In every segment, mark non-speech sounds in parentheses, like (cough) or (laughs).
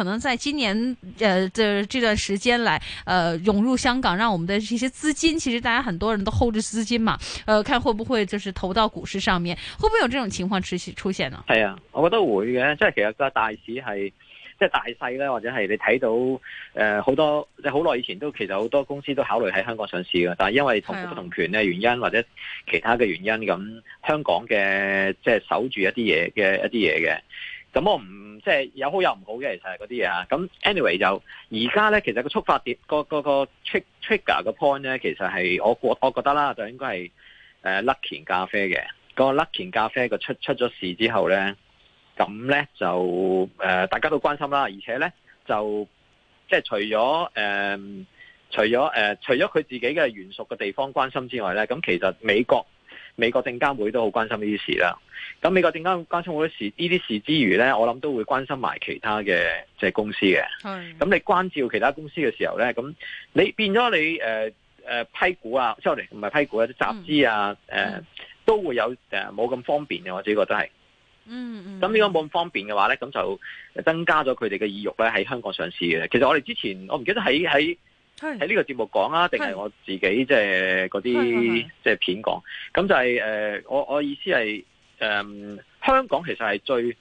可能在今年，呃，這這段時間來，呃，湧入香港，讓我們的這些資金，其實大家很多人都 hold 住資金嘛，呃，看會不會就是投到股市上面，會不會有這種情況持續出現呢？係啊，我覺得會嘅，即係其實個大市係，即係大細咧，或者係你睇到，誒、呃，好多，即係好耐以前都其實好多公司都考慮喺香港上市嘅，但係因為同股不同、啊、同權嘅原因或者其他嘅原因，咁香港嘅即係守住一啲嘢嘅一啲嘢嘅。咁我唔即係有好有唔好嘅，其實係嗰啲嘢。咁 anyway 就而家咧，其實個觸發點個個個 trigger 個 point 咧，其實係我我我覺得啦，就應該係誒 Luckin 咖啡嘅嗰個 Luckin 咖啡個出出咗事之後咧，咁咧就誒大家都關心啦，而且咧就即係除咗誒除咗誒除咗佢自己嘅原屬嘅地方關心之外咧，咁其實美國。美國證監會都好關心呢啲事啦，咁美國證監關心好多事呢啲事之餘咧，我諗都會關心埋其他嘅即係公司嘅。係是，咁你關照其他公司嘅時候咧，咁你變咗你誒誒、呃呃、批股啊，即係哋唔係批股啊，集資啊，誒、嗯呃、都會有誒冇咁方便嘅，我自己覺得係。嗯嗯。咁呢個冇咁方便嘅話咧，咁就增加咗佢哋嘅意欲咧喺香港上市嘅。其實我哋之前我唔記得喺喺。喺呢個節目講啊，定係我自己即係嗰啲即係片講。咁就係、是、誒、呃，我我意思係誒、呃，香港其實係最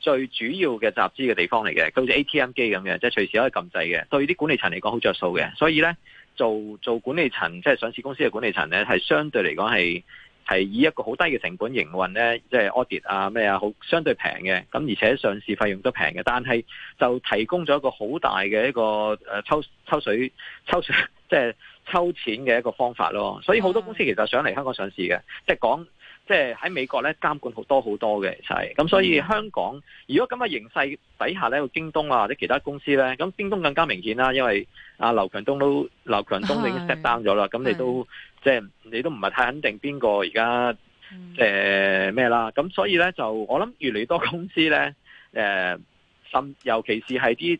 最主要嘅集資嘅地方嚟嘅，好似 ATM 機咁嘅，即、就、係、是、隨時可以撳掣嘅。對啲管理層嚟講，好着數嘅。所以咧，做做管理層，即、就、係、是、上市公司嘅管理層咧，係相對嚟講係。係以一個好低嘅成本營運呢，即係 audit 啊咩啊，好相對平嘅，咁而且上市費用都平嘅，但係就提供咗一個好大嘅一個誒抽抽水抽即係抽錢嘅一個方法咯。所以好多公司其實想嚟香港上市嘅，即係講。即係喺美國咧監管好多好多嘅，就係咁所以香港，如果咁嘅形勢底下咧，個京東啊或者其他公司咧，咁京東更加明顯啦，因為阿、啊、劉強東都劉強東已經 set down 咗啦，咁是的 你都即係你都唔係太肯定邊個而家即咩啦，咁所以咧就我諗越嚟越多公司咧，誒、呃，甚尤其是係啲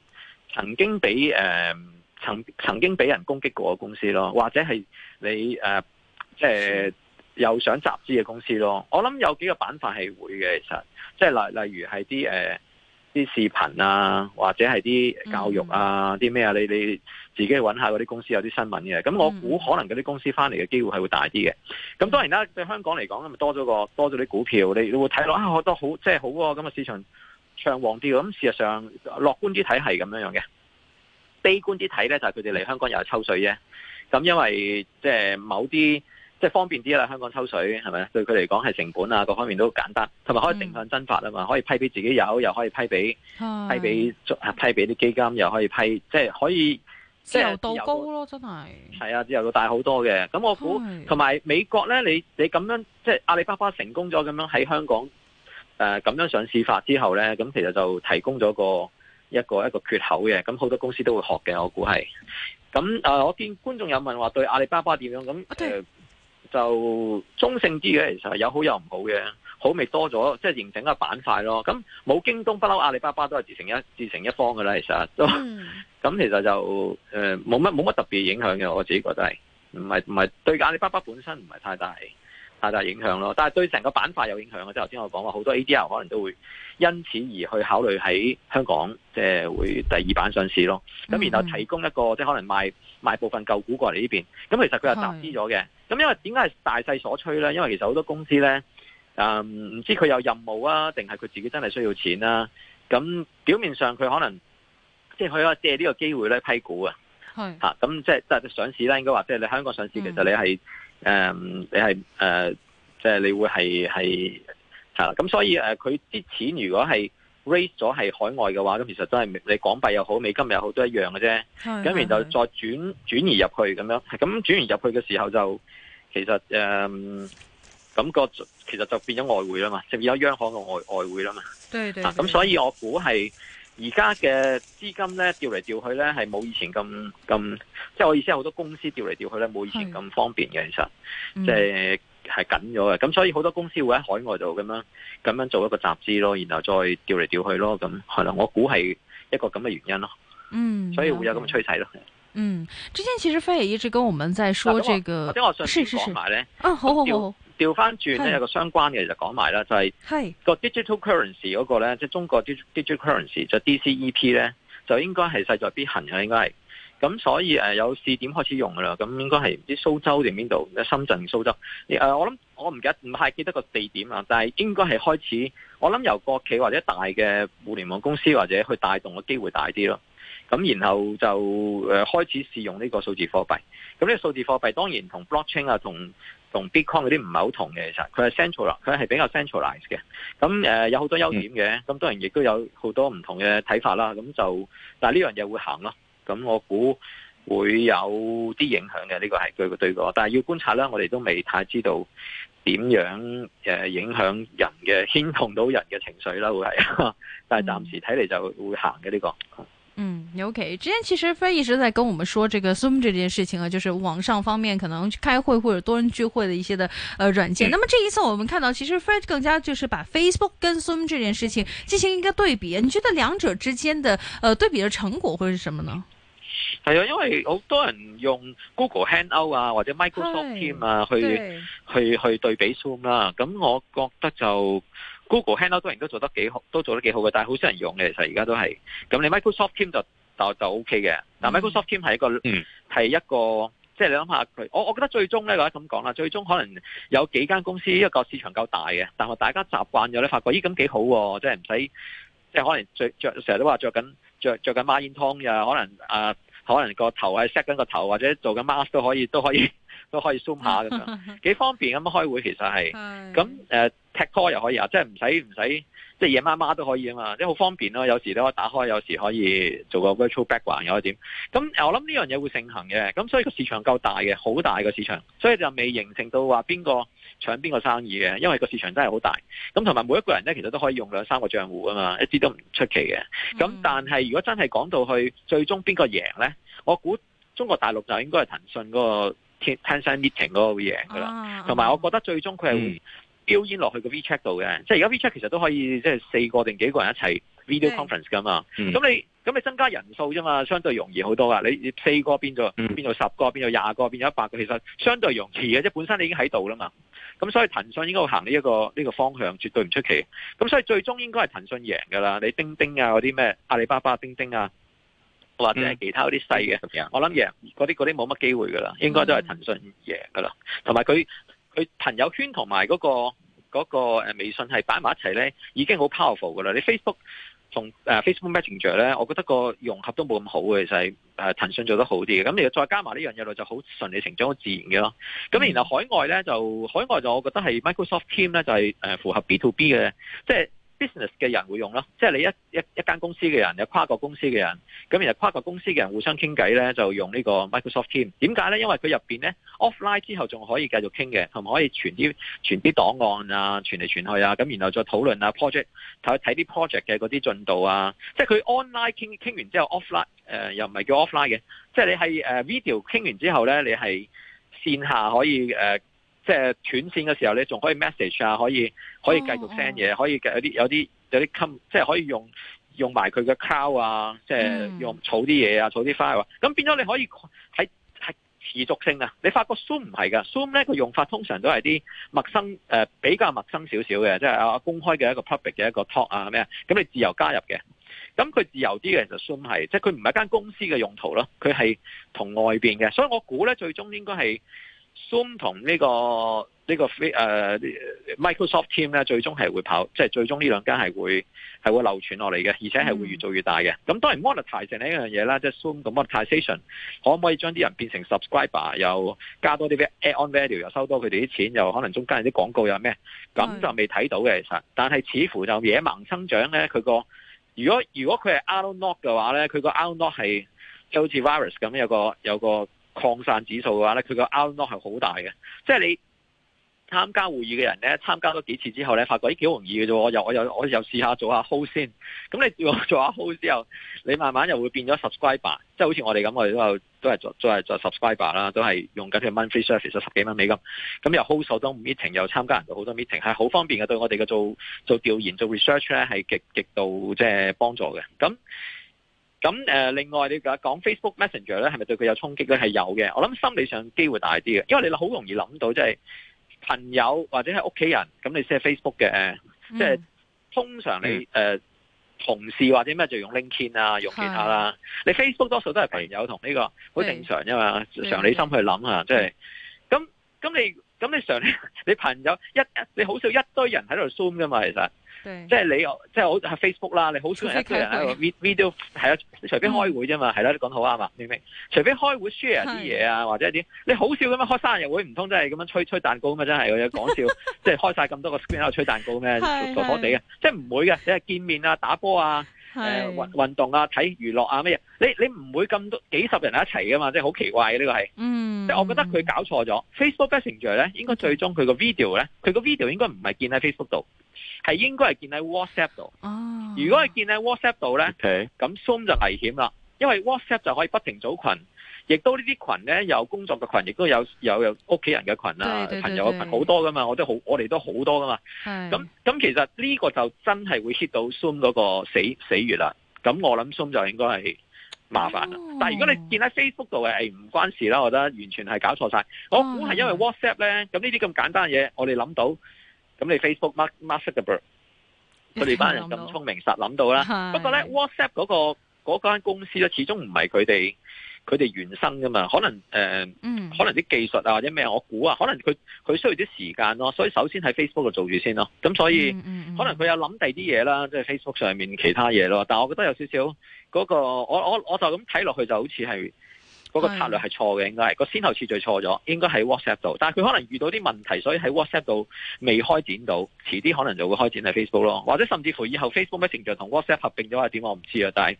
曾經俾誒、呃、曾曾經俾人攻擊過嘅公司咯，或者係你誒、呃、即係。又想集資嘅公司咯，我諗有幾個板塊係會嘅，其實即係例例如係啲誒啲視頻啊，或者係啲教育啊，啲咩啊，你你自己去揾下嗰啲公司有啲新聞嘅。咁我估可能嗰啲公司翻嚟嘅機會係會大啲嘅。咁當然啦，對香港嚟講，咁咪多咗個多咗啲股票，你，你會睇落啊好多好即係好咁啊市場暢旺啲，咁事實上樂觀啲睇係咁樣樣嘅，悲觀啲睇咧就係佢哋嚟香港又係抽水啫。咁因為即係某啲。即係方便啲啦，香港抽水係咪？對佢嚟講係成本啊，各方面都簡單，同埋可以定向增發啊嘛，嗯、可以批俾自己有，又可以批俾是批俾批俾啲基金，又可以批，即係可以自由度高咯，真係係啊，自由度大好多嘅。咁我估同埋美國咧，你你咁樣即係阿里巴巴成功咗咁樣喺香港誒咁、呃、樣上市法之後咧，咁其實就提供咗個一個一個，一個缺口嘅。咁好多公司都會學嘅，我估係。咁誒、呃，我見觀眾有問話對阿里巴巴點樣咁誒。就中性啲嘅，其實有好有唔好嘅。好咪多咗，即係形成一個板塊咯。咁冇京東，不嬲阿里巴巴都係自成一自成一方嘅啦。其實都，咁、嗯、其實就冇乜冇乜特別的影響嘅。我自己覺得係唔係唔係對阿里巴巴本身唔係太大太大影響咯。但係對成個板塊有影響嘅，即係頭先我講話好多 ADR 可能都會因此而去考慮喺香港，即係會第二版上市咯。咁然後提供一個嗯嗯即可能賣，賣部分舊股過嚟呢邊。咁其實佢又集資咗嘅。咁因為點解係大勢所趨咧？因為其實好多公司咧，誒、嗯、唔知佢有任務啊，定係佢自己真係需要錢啦、啊。咁表面上佢可能即係佢話借個機，呢個機會咧批股啊，係吓咁即係即係上市咧，應該話即係你香港上市，其實你係誒、嗯嗯、你係誒即係你會係係啦咁，所以誒佢啲錢如果係 raise 咗係海外嘅話，咁其實真係你港幣又好，美金又好都一樣嘅啫。咁然後就再轉轉移入去咁樣，咁轉移入去嘅時候就。其實誒，感、嗯、覺、那個、其實就變咗外匯啦嘛，就變咗央行嘅外外匯啦嘛。對，對對。咁、啊、所以我估係而家嘅資金咧調嚟調去咧係冇以前咁咁，嗯、即係我意思係好多公司調嚟調去咧冇以前咁方便嘅，是其實即係係緊咗嘅。咁所以好多公司會喺海外度咁樣咁樣做一個集資咯，然後再調嚟調去咯，咁係啦。我估係一個咁嘅原因咯。嗯。所以會有咁嘅趨勢咯。嗯嗯，之前其實菲也一直跟我們在說這個，啊、我我是是是。啊，好好好。調翻轉咧，是有個相關嘅就講埋啦，就係個 digital currency 嗰個咧，即係中國 digital currency，就 DCEP 咧，就應該係勢在必行嘅，應該係。咁所以誒、呃，有試點開始用噶啦，咁應該係唔知蘇州定邊度，深圳、蘇州。誒、呃，我諗我唔記得，唔太記得個地點啊，但係應該係開始。我諗由國企或者大嘅互聯網公司或者去帶動嘅機會大啲咯。咁然後就誒開始試用呢個數字貨幣。咁呢個數字貨幣當然同 blockchain 啊，同同 bitcoin 嗰啲唔係好同嘅其實。佢係 central 啦，佢係比較 centralize 嘅。咁、嗯、誒有好多優點嘅。咁當然亦都有好多唔同嘅睇法啦。咁就但係呢樣嘢會行咯。咁我估會有啲影響嘅。呢、這個係對個對個但係要觀察啦，我哋都未太知道點樣誒影響人嘅牽動到人嘅情緒啦，會係。但係暫時睇嚟就會行嘅呢、這個。O.K. 之前其實飛一直在跟我們說這個 Zoom 這件事情啊，就是網上方面可能去開會或者多人聚會的一些的呃軟件。那麼這一次我們看到其實飛更加就是把 Facebook 跟 Zoom 這件事情進行一個對比。你覺得兩者之間的呃對比的成果會是什麼呢？係啊，因為好多人用 Google Hangout 啊或者 Microsoft Team 啊，去去去對比 Zoom 啦、啊。咁我覺得就 Google Hangout 都人都做得幾好，都做得幾好嘅，但係好少人用嘅。其實而家都係咁你 Microsoft Team 就。就就 O K 嘅，但 Microsoft Team 係一個系、嗯、一個即係、就是、你諗下佢。我我覺得最終咧，嗱咁講啦，最終可能有幾間公司、嗯、一個市場夠大嘅，但係大家習慣咗咧，發覺咦咁幾好喎，即係唔使即係可能著著成日都話着緊著著緊孖煙湯呀，可能啊、呃、可能個頭係 set 緊個頭，或者做緊 mask 都可以都可以都可以 zoom 下嘅，幾 (laughs) 方便咁開會其實係咁，誒 take call 又可以啊，即係唔使唔使。即係夜媽媽都可以啊嘛，即係好方便咯、啊。有時你可以打開，有時可以做個 virtual background，又可以點。咁我諗呢樣嘢會盛行嘅。咁所以個市場夠大嘅，好大個市場，所以就未形成到話邊個搶邊個生意嘅，因為個市場真係好大。咁同埋每一個人呢，其實都可以用兩三個賬戶啊嘛，一啲都唔出奇嘅。咁但係如果真係講到去最終邊個贏呢？我估中國大陸就應該係騰訊嗰個、Tencent、Meeting 嗰個會贏噶啦。同埋我覺得最終佢係會。嗯表演落去個 WeChat 度嘅，即係而家 WeChat 其實都可以即係四個定幾個人一齊 video conference 噶嘛。咁、mm. 你咁你增加人數啫嘛，相對容易好多啊。你四個變咗變咗十個，變咗廿個，變咗一百個，其實相對容易嘅，即本身你已經喺度啦嘛。咁所以騰訊應該會行呢一個呢、呢個方向，絕對唔出奇。咁所以最終應該係騰訊贏噶啦。你釘釘啊嗰啲咩阿里巴巴釘釘啊，或者係其他嗰啲細嘅，mm. 我諗贏嗰啲啲冇乜機會噶啦，應該都係騰訊贏噶啦，同埋佢。佢朋友圈同埋嗰個嗰個誒微信係擺埋一齊咧，已經好 powerful 㗎啦。你 Facebook 同、呃、Facebook Messenger 咧，我覺得個融合都冇咁好嘅，其實係誒騰訊做得好啲嘅。咁你再加埋呢樣嘢落，就好順理成章、好自然嘅咯。咁然後海外咧就海外就我覺得係 Microsoft Team 咧就係誒符合 B to B 嘅，即係 Business 嘅人會用咯，即係你一一一間公司嘅人，有跨國公司嘅人，咁然後跨國公司嘅人互相傾偈咧，就用呢個 Microsoft Teams。點解咧？因為佢入面咧 offline 之後仲可以繼續傾嘅，同埋可以傳啲傳啲檔案啊，傳嚟傳去啊，咁然後再討論啊 project 睇睇啲 project 嘅嗰啲進度啊。即係佢 online 傾傾完之後 offline，誒、呃、又唔係叫 offline 嘅，即係你係 video 傾完之後咧，你係線下可以誒。呃即係斷線嘅時候，你仲可以 message 啊，可以可以繼續 send 嘢，嗯嗯、可以有啲有啲有啲 com 即係可以用用埋佢嘅 cloud 啊，即係用儲啲嘢啊，儲啲 file、啊。咁變咗你可以喺係持續性啊！你發覺 zoom 唔係㗎，zoom 咧個用法通常都係啲陌生誒、呃、比較陌生少少嘅，即係啊公開嘅一個 public 嘅一個 talk 啊咩啊，咁你自由加入嘅。咁佢自由啲嘅就 zoom 係，即係佢唔係間公司嘅用途咯，佢係同外邊嘅。所以我估咧最終應該係。Zoom 同呢、這個呢 free 誒 Microsoft Team 咧，最終係會跑，即、就、係、是、最終呢兩間係會係會流傳落嚟嘅，而且係會越做越大嘅。咁、mm. 當然 Monetization 呢一樣嘢啦，即、就、係、是、Zoom 同 Monetization 可唔可以將啲人變成 Subscriber，又加多啲啲 Add On Value，又收多佢哋啲錢，又可能中間有啲廣告又咩？咁就未睇到嘅、mm. 其實但係似乎就野蠻生長咧。佢個如果如果佢係 Outlook 嘅話咧，佢個 Outlook 係即係好似 Virus 咁，有個有個。擴散指數嘅話咧，佢個 outlook 係好大嘅，即係你參加會議嘅人咧，參加咗幾次之後咧，發覺咦幾容易嘅啫，我又我又我又試下做下 hold 先。咁你叫我做下 hold 之後，你慢慢又會變咗 subscriber，即係好似我哋咁，我哋都都係做做係做 subscriber 啦，都係用緊佢 monthly service 十幾蚊美金，咁又 hold 到都唔 meeting，又參加人，到好多 meeting，係好方便嘅。對我哋嘅做做調研做 research 咧，係極極度即係幫助嘅。咁咁誒、呃，另外你講 Facebook Messenger 咧，係咪對佢有衝擊咧？係有嘅。我諗心理上機會大啲嘅，因為你好容易諗到，即係朋友或者係屋企人，咁你先 Facebook 嘅，即係、嗯、通常你誒、嗯呃、同事或者咩就用 LinkedIn 啊，用其他啦。是你 Facebook 多數都係朋友同呢、呢個，好正常啫嘛。是常理心去諗下，即係咁咁你。咁你常你朋友一，你好少一堆人喺度 zoom 㗎嘛，其實，對 即係你，即係好，喺 Facebook 啦，你好少一堆人喺度 video，係啊、嗯，隨便開會啫嘛，係啦，講得好啱啊，明唔明？隨便開會 share 啲嘢啊，或者啲，你好少咁樣開生日會，唔通真係咁樣吹吹蛋糕嘛？真係嘅講笑， (laughs) 即係開晒咁多個 screen 喺度吹蛋糕咩？傻傻哋嘅，即係唔會嘅，你係見面啊，打波啊。誒，運運是、呃、動啊，睇娛樂啊，咩嘢？你你唔會咁多幾十人一齊噶嘛？即係好奇怪嘅呢、這個係，嗯、即係我覺得佢搞錯咗。嗯、Facebook 嘅程序咧，應該最終佢個 video 咧，佢個 video 應該唔係見喺 Facebook 度，係應該係見喺 WhatsApp 度。哦，如果係見喺 WhatsApp 度咧，咁 Okay . soon 就危險啦，因為 WhatsApp 就可以不停組群。亦都呢啲群咧，有工作嘅群，亦都有有有屋企人嘅群啊，對對對對對朋友嘅群好多噶嘛，我都好，我哋都好多噶嘛。咁咁是，其實呢個就真係會 hit 到 Zoom 嗰個死死穴啦。咁我諗 Zoom 就應該係麻煩啦。哦、但係如果你見喺 Facebook 度係唔關事啦，我覺得完全係搞錯晒、哦。我估係因為 WhatsApp 咧，咁呢啲咁簡單嘅嘢，我哋諗到，咁你 Facebook Mark Mark 佢哋班人咁聰明，實諗到啦。是 不過咧，WhatsApp 嗰、嗰個嗰間公司咧，始終唔係佢哋。佢哋原生噶嘛，可能誒，呃嗯、可能啲技術啊或者咩，我估啊，可能佢佢需要啲時間咯、啊，所以首先喺 Facebook 度做住先咯、啊，咁所以、嗯嗯嗯、可能佢有諗第啲嘢啦，即、就、係、是、Facebook 上面其他嘢咯，但係我覺得有少少嗰、那個，我我我就咁睇落去就好似係嗰個策略係錯嘅，是應該係個先後次序錯咗，應該喺 WhatsApp 度，但係佢可能遇到啲問題，所以喺 WhatsApp 度未開展到，遲啲可能就會開展喺 Facebook 咯，或者甚至乎以後 Facebook 嘅成就同 WhatsApp 合併咗係點，我唔知啊，但係。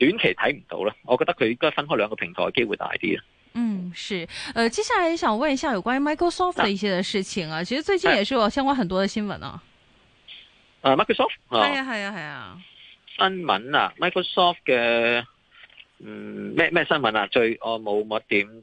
短期睇唔到咯，我覺得佢應該分開兩個平台嘅機會大啲啊。嗯，是，誒、呃，接下來想問一下有關於 Microsoft 嘅一些嘅事情啊，啊其實最近也是有相關很多嘅新聞啊。啊，Microsoft。係啊，係、哦哎哎、啊，係啊。新聞啊，Microsoft 嘅，嗯，咩咩新聞啊？最我冇乜點。哦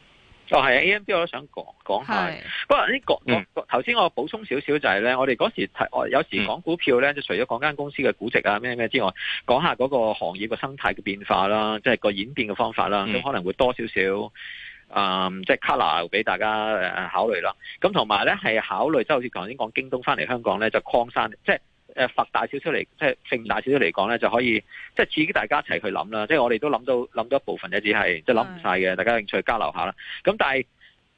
就係 A M B，我都想講講下。不過呢個頭先我補充少少就係、是、咧，我哋嗰時提，有時講股票咧，就除咗講間公司嘅估值啊咩咩之外，講下嗰個行業個生態嘅變化啦，即係個演變嘅方法啦，咁、嗯、可能會多少少啊，即、嗯、係、就是、color 俾大家考慮啦。咁同埋咧，係考慮即係好似頭先講京東翻嚟香港咧，就擴散即係。誒發大少少嚟，即係成大少少嚟講咧，就可以即係自己大家一齊去諗啦。即係我哋都諗到諗到一部分嘅，只係即係諗唔晒嘅。的大家興趣交流下啦。咁但係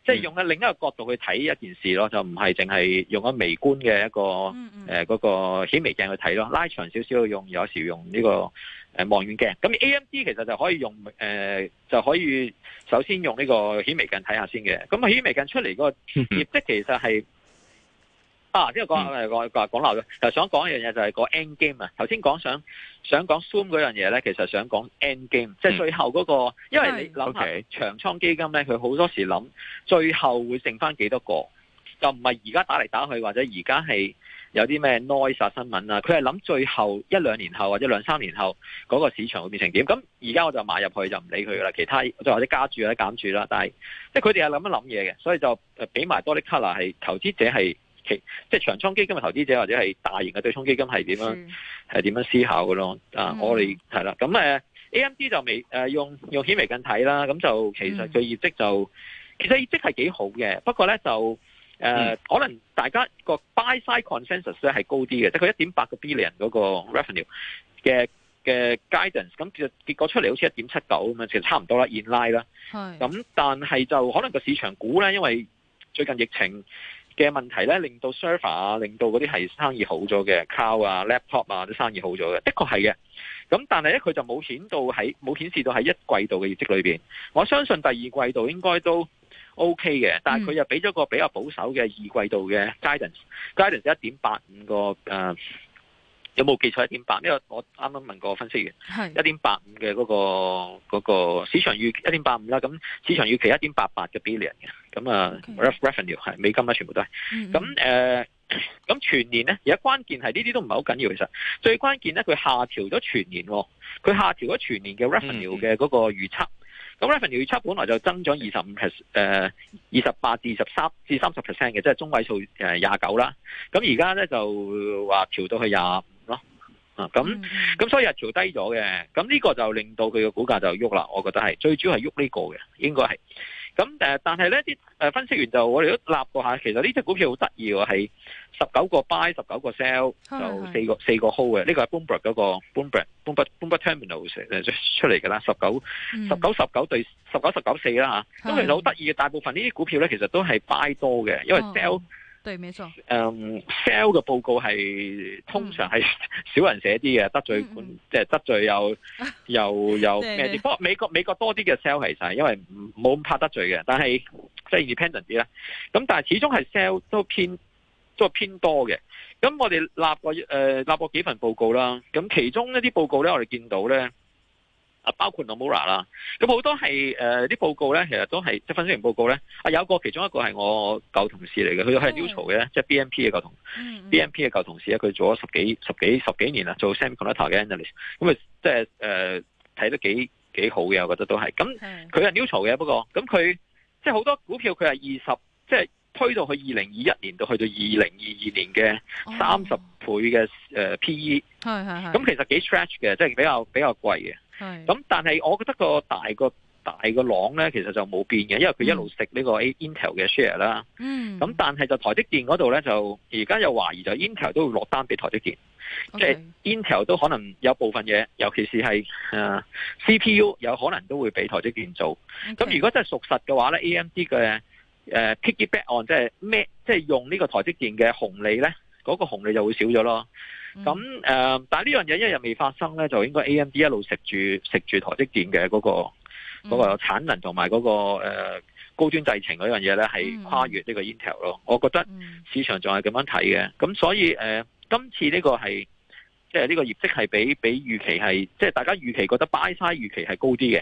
即係用喺另一個角度去睇一件事咯，嗯、就唔係淨係用咗微觀嘅一個誒嗰、嗯嗯呃嗰個顯微鏡去睇咯，拉長少少用，有時用呢個望遠鏡。咁 AMD 其實就可以用誒、呃，就可以首先用呢個顯微鏡睇下先嘅。咁顯微鏡出嚟個業績其實係。嗯啊！即係講嚟、嗯、講講鬧嘅，又想講,講一樣嘢就係個 end game 啊！頭先講想想講 zoom 嗰樣嘢咧，其實想講 end game，即係最後嗰、那個，嗯、因為你諗是 okay, 長倉基金咧，佢好多時諗最後會剩翻幾多個，就唔係而家打嚟打去，或者而家係有啲咩 noise、啊、新聞啊？佢係諗最後一兩年後或者兩三年後嗰、那個市場會變成點？咁而家我就買入去就唔理佢噶啦，其他就或者加注或者減注啦。但係即係佢哋係咁一諗嘢嘅，所以就俾埋多啲 color 係投資者係。其即係長倉基金嘅投資者或者係大型嘅對沖基金係點樣係點是樣思考嘅咯、嗯啊？啊，我哋係啦，咁誒 AMD 就未誒用用顯微鏡睇啦。咁就其實佢業績就、嗯、其實業績係幾好嘅，不過咧就誒、呃嗯、可能大家個 buy side consensus 咧係高啲嘅，即佢一點八個 billion 嗰個 revenue 嘅嘅 guidance，咁結果出嚟好似一點七九咁樣，其實差唔多啦，in line 啦。咁是，但係就可能個市場估咧，因為最近疫情。嘅問題咧，令到 server 啊，令到嗰啲係生意好咗嘅，cow 啊，laptop 啊，啲、啊、生意好咗嘅，的確係嘅。咁但係咧，佢就冇顯到喺冇顯示到喺一季度嘅業績裏面。我相信第二季度應該都 OK 嘅，但係佢又俾咗個比較保守嘅二季度嘅 guidance，guidance 一點八五個、呃有冇記錯一點八？呢個我啱啱問過分析員，係一點八五嘅嗰個市場預一點八五啦。咁市場預期一點八八嘅 billion 嘅、啊，咁啊 Okay. revenue 係美金啦，全部都係。咁誒、嗯，咁、呃、全年咧，而家關鍵係呢啲都唔係好緊要，其實最關鍵咧佢下調咗全年、哦，佢下調咗全年嘅 revenue 嘅嗰個預測。咁、嗯、revenue 預測本來就增長二十五 p 二十八至十三至三十 percent 嘅，即係中位數誒廿九啦。咁而家咧就話調到去廿。啊，咁咁、嗯、所以又調低咗嘅，咁呢個就令到佢嘅股價就喐啦，我覺得係最主要係喐呢個嘅，應該係。咁誒，但係咧啲誒分析員就我哋都立過吓，其實呢隻股票好得意喎，係十九個 buy，十九個 sell，就四個四是個 hold 嘅，呢是是 個係 Bloomberg 嗰個 Bloomberg Bloomberg Bloomberg terminals 出嚟噶啦，十九十九十九對十九十九四啦吓，其實好得意嘅。大部分呢啲股票咧，其實都係 buy 多嘅，因為 sell。哦哦。對，沒錯。sell 嘅報告係通常係少人寫啲嘅，嗯、得罪、嗯、即係得罪又又又咩。不過美國美國多啲嘅 sell 其實係因為冇咁怕得罪嘅，但係即係 independent 啲啦。咁、就是、但係始終係 sell 都偏都偏，都偏多嘅。咁我哋立過誒、呃、立過幾份報告啦。咁其中一啲報告咧，我哋見到咧。啊，包括 Nomura 啦，咁好多係誒啲報告咧，其實都係即係分析員報告咧。啊，有個其中一個係我舊同事嚟嘅，佢係 neutral 嘅，即係 BNP 嘅舊同，BNP 嘅舊同事咧，佢、嗯嗯、做咗十幾十幾十幾年啦，做 semiconductor 嘅 analyst，咁、嗯、啊即係誒睇得幾幾好嘅，我覺得都係。咁佢係 neutral 嘅，的不過咁佢即係好多股票佢係二十，即係推到去二零二一年到去到二零二二年嘅三十倍嘅 PE，咁其實幾 stretch 嘅，即係比較比較貴嘅。係，咁是、嗯、但係我覺得個大個大個朗咧，其實就冇變嘅，因為佢一路食呢個 Intel 嘅 share 啦。嗯。咁、嗯、但係就台積電嗰度咧，就而家又懷疑就 Intel 都會落單俾台積電，即係 Intel 都可能有部分嘢，尤其是係誒、呃、CPU 有可能都會俾台積電做。咁 okay, 如果真係屬實嘅話咧，AMD 嘅誒 Piggyback on 即係咩？即、呃、係用呢個台積電嘅紅利咧，嗰、那個紅利就會少咗咯。咁誒，嗯嗯、但係呢樣嘢一日未發生咧，就應該 AMD 一路食住食住台積電嘅嗰、個嗰、嗯、產能同埋嗰個誒高端製程嗰樣嘢咧，係跨越呢個 Intel 咯。我覺得市場仲係咁樣睇嘅。咁所以誒、呃、今次呢個係即係呢個業績係比比預期係，即、就、係、是、大家預期覺得 buy side 預期係高啲嘅。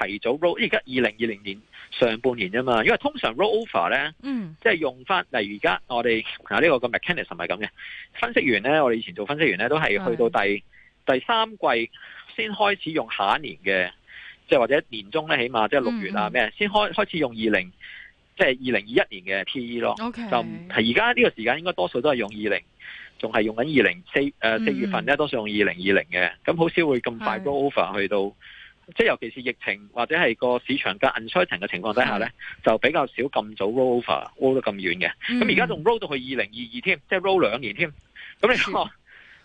提早 roll，而家二零二零年上半年啫嘛，因為通常 roll over 咧，嗯，即係用翻，例如而家我哋啊呢個個 mechanism 係咁嘅，分析員咧，我哋以前做分析員咧，都係去到第是第三季先開始用下一年嘅，即係或者年中咧，起碼即係六月啊咩，嗯、先開開始用二零，即係二零二一年嘅 PE 咯，okay，就係而家呢個時間應該多數都係用二零、呃，仲係用緊二零四誒四月份咧，嗯、多數用二零二零嘅，咁好少會咁快 roll over 去到。即係尤其是疫情或者係個市場嘅 uncertain 嘅情況底下咧，嗯、就比較少咁早 roll over，roll 得咁遠嘅。咁而家仲 roll 到去二零二二添，即係 roll 兩年添。咁你睇下。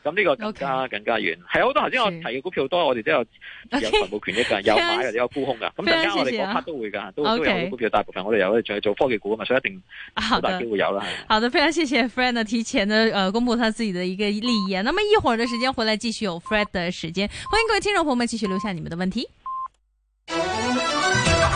咁呢個更加 Okay. 更加遠，係好多頭先我提嘅股票多，是我哋都有有財務權益噶，有 Okay. 買有 (laughs) 沽空噶。咁陣間我哋嗰 part 都會噶，都 Okay. 都有啲股票，大部分我哋有，我哋仲做科技股啊嘛，所以一定好大機會有啦。好的，是好的，非常謝謝 Fred 提前呢誒、呃、公佈他自己的一個利益啊。那麼一會兒嘅時間回來繼續有 Fred 嘅時間，歡迎各位聽眾朋友們繼續留下你們嘅問題。 (music)